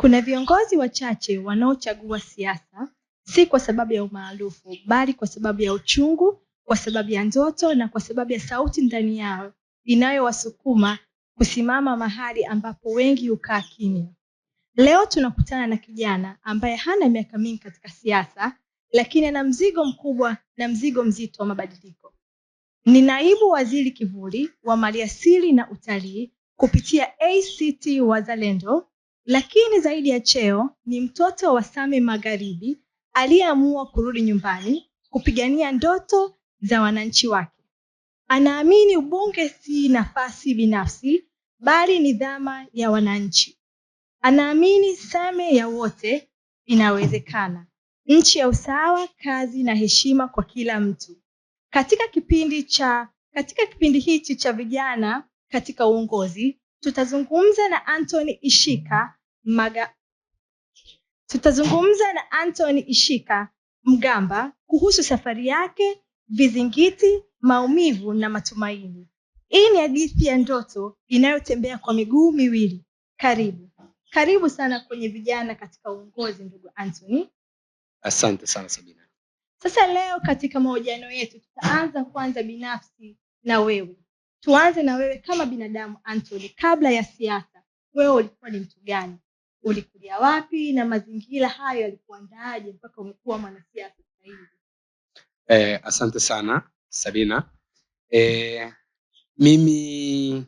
Kuna viongozi wachache wanaochagua siasa si kwa sababu ya umaarufu bali kwa sababu ya uchungu, kwa sababu ya ndoto na kwa sababu ya sauti ndani yao inayowasukuma kusimama mahali ambapo wengi hukaa kimya. Leo tunakutana na kijana ambaye hana miaka mingi katika siasa, lakini ana mzigo mkubwa na mzigo mzito wa mabadiliko. Ni naibu waziri kivuli wa maliasili na utalii kupitia ACT Wazalendo lakini zaidi ya cheo, ni mtoto wa Same Magharibi aliyeamua kurudi nyumbani kupigania ndoto za wananchi wake. Anaamini ubunge si nafasi binafsi, bali ni dhama ya wananchi. Anaamini Same ya wote inawezekana, nchi ya usawa, kazi na heshima kwa kila mtu. Katika kipindi cha katika kipindi hichi cha vijana katika uongozi tutazungumza na Anthony Ishika Maga... tutazungumza na Anton Ishika Mgamba kuhusu safari yake, vizingiti, maumivu na matumaini. Hii ni hadithi ya ndoto inayotembea kwa miguu miwili. Karibu, karibu sana kwenye Vijana katika Uongozi, ndugu Anthony. Asante sana Sabina. Sasa leo katika mahojiano yetu tutaanza kwanza binafsi na wewe. Tuanze na wewe kama binadamu Anthony, kabla ya siasa, wewe ulikuwa ni mtu gani? ulikulia wapi na mazingira hayo yalikuandaaje mpaka umekuwa mwanasiasa sasa hivi? Eh, asante sana Sabina. Eh, mimi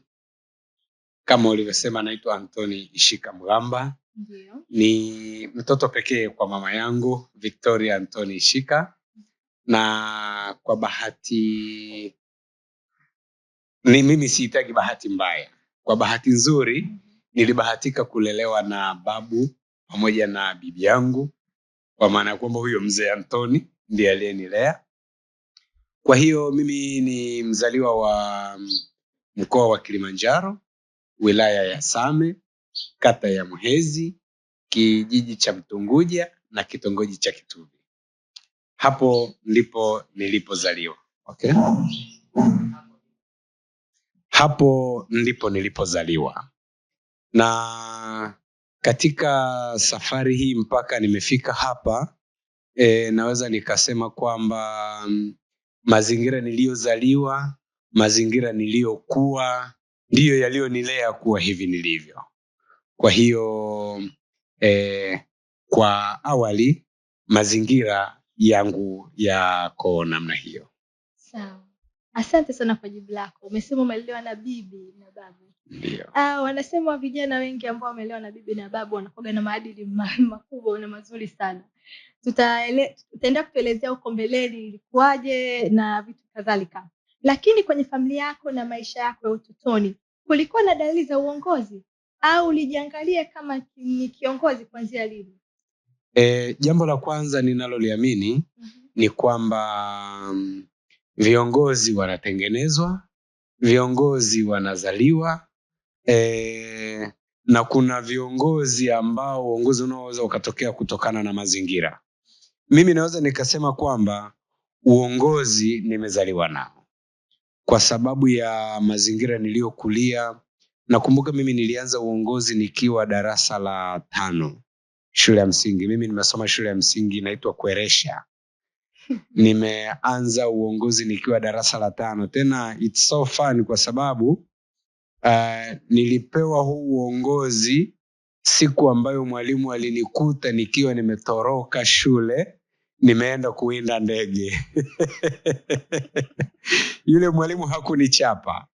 kama ulivyosema naitwa Antoni Ishika Mgamba. Ni mtoto pekee kwa mama yangu Victoria Antoni Ishika na kwa bahati ni mimi sihitaji bahati mbaya, kwa bahati nzuri nilibahatika kulelewa na babu pamoja na bibi yangu, kwa maana ya kwamba huyo mzee Antoni ndiye aliyenilea. Kwa hiyo mimi ni mzaliwa wa mkoa wa Kilimanjaro, wilaya ya Same, kata ya Muhezi, kijiji cha Mtunguja na kitongoji cha Kitubi. Hapo ndipo nilipozaliwa. Okay. Hapo ndipo nilipozaliwa na katika safari hii mpaka nimefika hapa e, naweza nikasema kwamba mm, mazingira niliyozaliwa mazingira niliyokuwa ndiyo yaliyonilea kuwa hivi nilivyo kwa hiyo e, kwa awali mazingira yangu yako namna hiyo sawa Asante sana kwa jibu lako. Umesema umelelewa na bibi na babu. uh, wanasema vijana wengi ambao wamelelewa na bibi na babu wanakoga na maadili makubwa na mazuri sana. Tutaele, kutuelezea huko mbeleni ilikuwaje na vitu kadhalika. Lakini kwenye familia yako na maisha yako ya utotoni, kulikuwa na dalili za uongozi au ulijiangalia kama ni kiongozi kuanzia lini? E, jambo la kwanza ninaloliamini mm-hmm. ni kwamba mm, Viongozi wanatengenezwa, viongozi wanazaliwa e, na kuna viongozi ambao uongozi unaoweza ukatokea kutokana na mazingira. Mimi naweza nikasema kwamba uongozi nimezaliwa nao kwa sababu ya mazingira niliyokulia. Nakumbuka mimi nilianza uongozi nikiwa darasa la tano shule ya msingi. Mimi nimesoma shule ya msingi inaitwa Kweresha nimeanza uongozi nikiwa darasa la tano tena it's so fun kwa sababu uh, nilipewa huu uongozi siku ambayo mwalimu alinikuta nikiwa nimetoroka shule nimeenda kuinda ndege yule mwalimu hakunichapa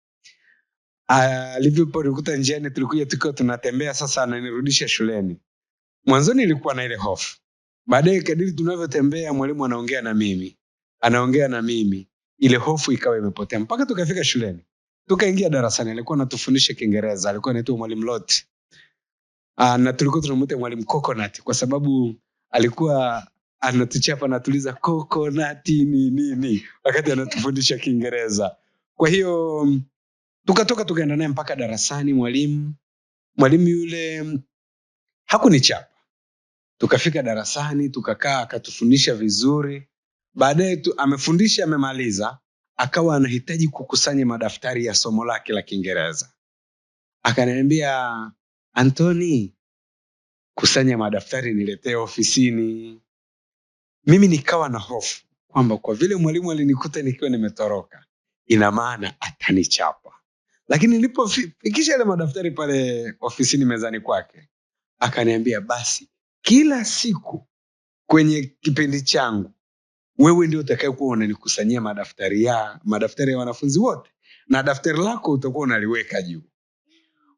ah, alivyoponikuta uh, njiani tulikuja tukiwa tunatembea sasa ananirudisha shuleni mwanzoni ilikuwa na ile hofu Baadaye kadiri tunavyotembea, mwalimu anaongea na mimi, anaongea na mimi, ile hofu ikawa imepotea mpaka tukafika shuleni, tukaingia darasani. Alikuwa anatufundisha Kiingereza, alikuwa anaitwa mwalimu lot ah, na tulikuwa tunamwita mwalimu Coconut kwa sababu alikuwa anatuchapa natuliza coconut ni nini wakati anatufundisha Kiingereza. Kwa hiyo tukatoka tukaenda naye mpaka darasani. Mwalimu mwalimu yule hakunichapa tukafika darasani tukakaa akatufundisha vizuri baadaye tu, amefundisha amemaliza akawa anahitaji kukusanya madaftari ya somo lake la kiingereza akaniambia antoni kusanya madaftari niletee ofisini mimi nikawa na hofu kwamba kwa vile mwalimu alinikuta nikiwa nimetoroka ina maana atanichapa lakini nilipofikisha ile madaftari pale ofisini mezani kwake akaniambia basi kila siku kwenye kipindi changu wewe ndio utakayekuwa unanikusanyia madaftari ya madaftari ya wanafunzi wote na daftari lako utakuwa unaliweka juu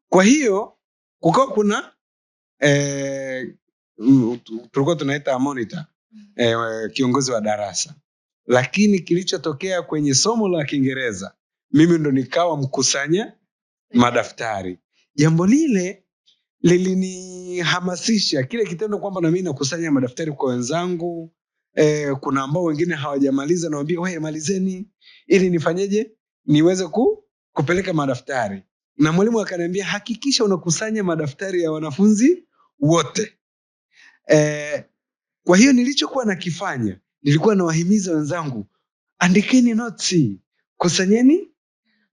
kwa hiyo kukawa kuna eh, tulikuwa tunaita monitor eh, kiongozi wa darasa lakini kilichotokea kwenye somo la kiingereza mimi ndo nikawa mkusanya madaftari jambo lile lilinihamasisha kile kitendo kwamba nami nakusanya madaftari kwa wenzangu eh, kuna ambao wengine hawajamaliza nawambia we malizeni ili nifanyeje niweze ku, kupeleka madaftari na mwalimu akaniambia hakikisha unakusanya madaftari ya wanafunzi wote eh, kwa hiyo nilichokuwa nakifanya nilikuwa nawahimiza wenzangu andikeni notsi kusanyeni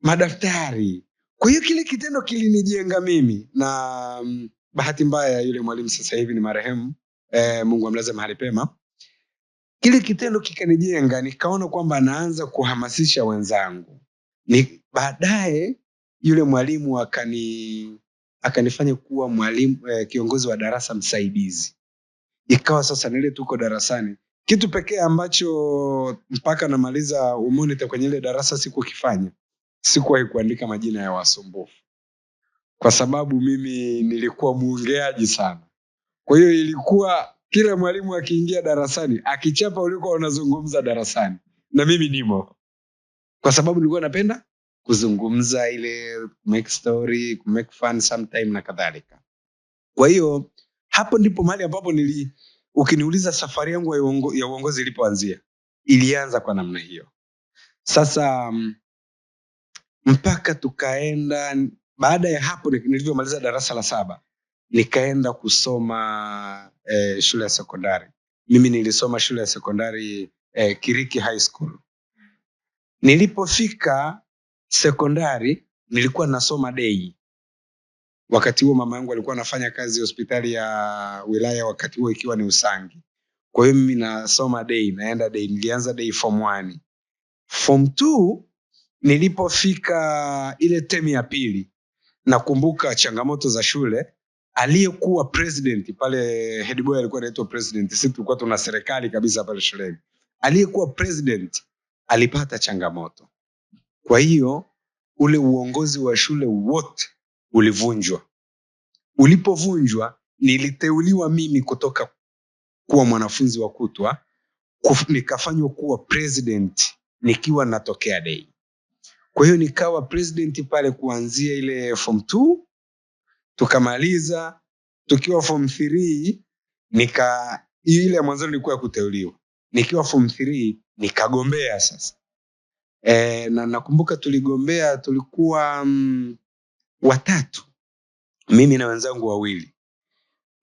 madaftari kwa hiyo kile kitendo kilinijenga mimi na um, bahati mbaya yule mwalimu sasa hivi ni marehemu eh, mungu amlaze mahali pema kile kitendo kikanijenga nikaona kwamba naanza kuhamasisha wenzangu ni baadaye yule mwalimu akani akanifanya kuwa mwalimu eh, kiongozi wa darasa msaidizi ikawa sasa nile tuko darasani kitu pekee ambacho mpaka namaliza umonita kwenye ile darasa sikukifanya sikuwahi kuandika majina ya wasumbufu kwa sababu mimi nilikuwa mwongeaji sana kwa hiyo ilikuwa kila mwalimu akiingia darasani akichapa ulikuwa unazungumza darasani na mimi nimo kwa sababu nilikuwa napenda kuzungumza ile make story make fun sometime na kadhalika kwa hiyo hapo ndipo mahali ambapo nili ukiniuliza safari yangu ya uongozi ilipoanzia ilianza kwa namna hiyo sasa um, mpaka tukaenda baada ya hapo nilivyomaliza darasa la saba nikaenda kusoma eh, shule ya sekondari mimi nilisoma shule ya sekondari eh, kiriki high school nilipofika sekondari nilikuwa nasoma dei wakati huo mama yangu alikuwa anafanya kazi hospitali ya wilaya wakati huo ikiwa ni usangi kwa hiyo mimi nasoma dei naenda dei nilianza dei form 1 form nilipofika ile temu ya pili nakumbuka changamoto za shule aliyekuwa president pale headboy alikuwa anaitwa president sisi tulikuwa tuna serikali kabisa pale shuleni aliyekuwa president alipata changamoto kwa hiyo ule uongozi wa shule wote ulivunjwa ulipovunjwa niliteuliwa mimi kutoka kuwa mwanafunzi wa kutwa nikafanywa kuwa president nikiwa natokea dei kwa hiyo nikawa president pale kuanzia ile form 2 tukamaliza, tukiwa form 3 nika ile mwanzo nilikuwa ya kuteuliwa, nikiwa form 3 nikagombea sasa e, na nakumbuka tuligombea tulikuwa mm, watatu, mimi na wenzangu wawili.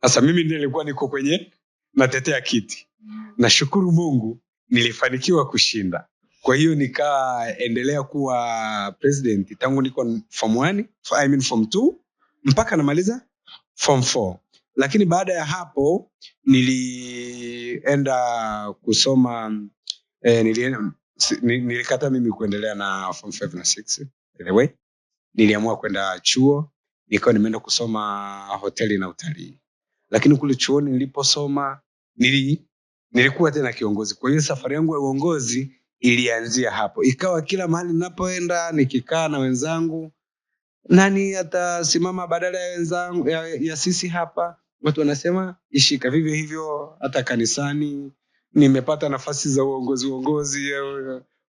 Sasa mimi ndiye nilikuwa niko kwenye natetea kiti, mm. nashukuru Mungu nilifanikiwa kushinda kwa hiyo nikaendelea kuwa president tangu niko form one, I mean form two mpaka namaliza form four lakini baada ya hapo nilienda kusoma eh, nilienda, nilikata mimi kuendelea na form 5 na 6 anyway, niliamua kwenda chuo nikawa nimeenda kusoma hoteli na utalii lakini kule chuoni niliposoma nili, nilikuwa tena kiongozi kwa hiyo safari yangu ya uongozi ilianzia hapo, ikawa kila mahali ninapoenda nikikaa na wenzangu, nani atasimama badala ya wenzangu ya, ya sisi hapa? Watu wanasema Ishika. Vivyo hivyo hata kanisani nimepata nafasi za uongozi uongozi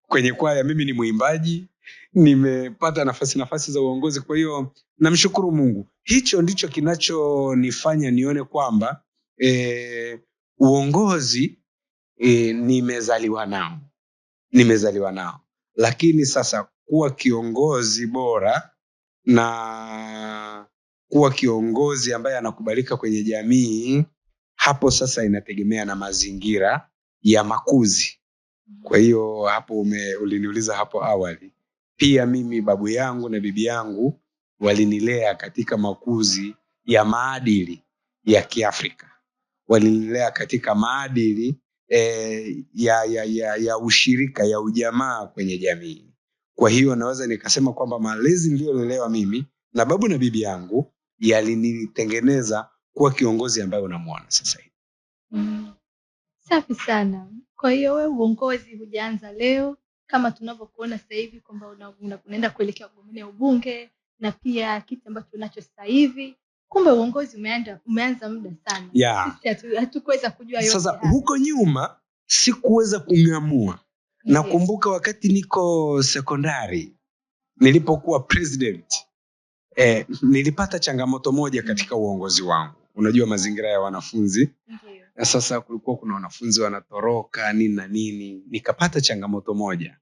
kwenye kwaya, mimi ni mwimbaji, nimepata nafasi nafasi za uongozi. Kwa hiyo namshukuru Mungu, hicho ndicho kinachonifanya nione kwamba e, uongozi e, nimezaliwa nao nimezaliwa nao lakini sasa kuwa kiongozi bora na kuwa kiongozi ambaye anakubalika kwenye jamii hapo sasa inategemea na mazingira ya makuzi kwa hiyo hapo ume, uliniuliza hapo awali pia mimi babu yangu na bibi yangu walinilea katika makuzi ya maadili ya kiafrika walinilea katika maadili e, ya, ya, ya, ya ushirika ya ujamaa kwenye jamii. Kwa hiyo naweza nikasema kwamba malezi niliyolelewa mimi na babu na bibi yangu yalinitengeneza kuwa kiongozi ambaye unamwona sasa hivi. Mm. Safi sana. Kwa hiyo wewe uongozi hujaanza leo kama tunavyokuona sasa hivi kwamba unaenda kuelekea kugombania ubunge na pia kitu ambacho unacho sasa hivi kumbe uongozi umeanza, umeanza muda sana yeah. hatu kujua yote sasa huko nyuma sikuweza kung'amua nakumbuka wakati niko sekondari nilipokuwa president eh, nilipata changamoto moja mm. katika uongozi wangu unajua mazingira ya wanafunzi Ndiyo. na sasa kulikuwa kuna wanafunzi wanatoroka nini na nini nikapata changamoto moja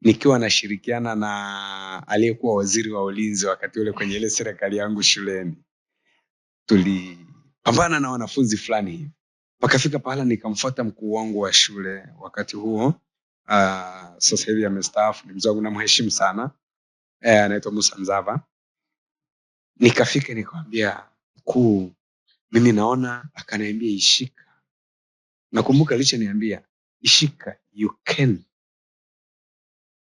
nikiwa nashirikiana na, na aliyekuwa waziri wa ulinzi wakati ule kwenye ile serikali yangu shuleni tulipambana na wanafunzi fulani hivi pakafika pahala nikamfuata mkuu wangu wa shule wakati huo uh, sasa hivi amestaafu ni mzangu namheshimu sana eh, anaitwa musa mzava nikafika nikamwambia mkuu mimi naona akaniambia ishika nakumbuka alichoniambia ishika you can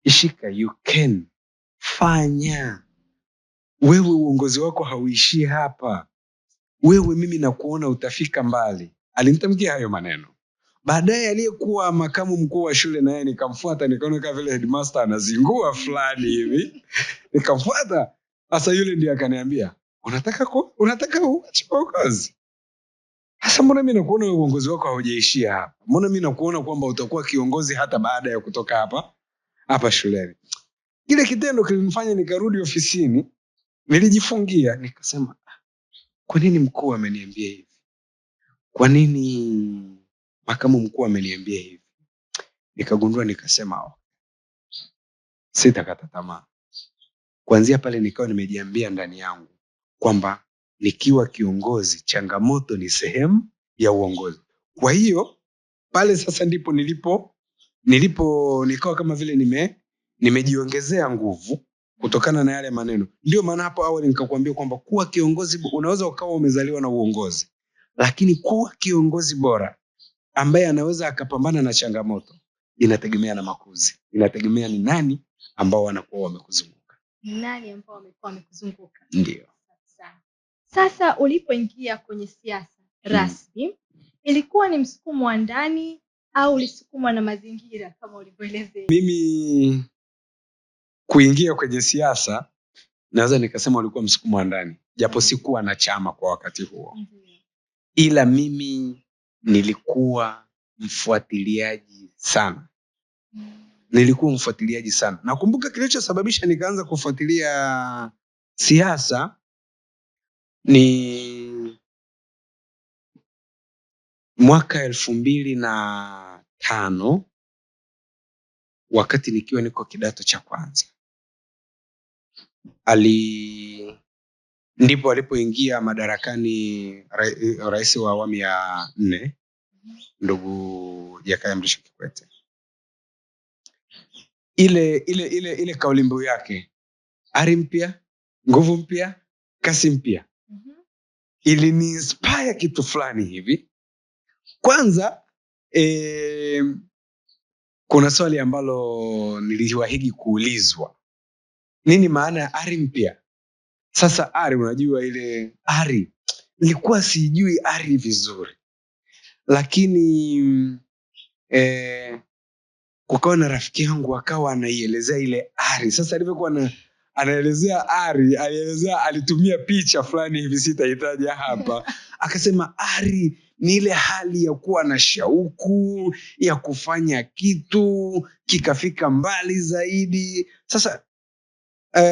ishika you can fanya wewe uongozi wako hauishii hapa wewe mimi nakuona utafika mbali alimtamkia hayo maneno baadaye aliyekuwa makamu mkuu wa shule naye nikamfuata nikaona kama vile headmaster anazingua fulani hivi nikamfuata sasa yule ndiye akaniambia unataka ku, unataka uache uongozi sasa mbona mimi nakuona uongozi wako haujaishia hapa mbona mimi nakuona kwamba utakuwa kiongozi hata baada ya kutoka hapa hapa shuleni kile kitendo kilinifanya nikarudi ofisini nilijifungia nikasema kwa nini mkuu ameniambia hivi kwa nini makamu mkuu ameniambia hivi nikagundua nikasema oh, sitakata tamaa kuanzia pale nikawa nimejiambia ndani yangu kwamba nikiwa kiongozi changamoto ni sehemu ya uongozi kwa hiyo pale sasa ndipo nilipo nilipo nikawa kama vile nime nimejiongezea nguvu kutokana na yale maneno. Ndio maana hapo awali nikakwambia kwamba kuwa kiongozi, unaweza ukawa umezaliwa na uongozi, lakini kuwa kiongozi bora ambaye anaweza akapambana na changamoto inategemea na makuzi, inategemea ni nani ambao wanakuwa wamekuzunguka, nani ambao wamekuwa wamekuzunguka. Ndio sasa ulipoingia kwenye siasa hmm. rasmi hmm, ilikuwa ni msukumo wa ndani au ulisukumwa na mazingira kama ulivyoelezea? Mimi kuingia kwenye siasa naweza nikasema ulikuwa msukumo wa ndani japo sikuwa na chama kwa wakati huo ila mimi nilikuwa mfuatiliaji sana mm. nilikuwa mfuatiliaji sana nakumbuka kilichosababisha nikaanza kufuatilia siasa ni mwaka elfu mbili na tano wakati nikiwa niko kidato cha kwanza ali ndipo alipoingia madarakani rais wa awamu ya nne ndugu Jakaya Mrisho Kikwete. Ile ile ile ile kauli mbiu yake ari mpya, nguvu mpya, kasi mpya mhm. ili inspire kitu fulani hivi. Kwanza e, kuna swali ambalo niliwahigi kuulizwa nini maana ya ari mpya sasa ari unajua ile ari ilikuwa sijui ari vizuri lakini eh, kukawa na rafiki yangu akawa anaielezea ile ari sasa alivyokuwa na anaelezea ari alielezea alitumia picha fulani hivi sitahitaja hapa akasema ari ni ile hali ya kuwa na shauku ya kufanya kitu kikafika mbali zaidi sasa Ờ...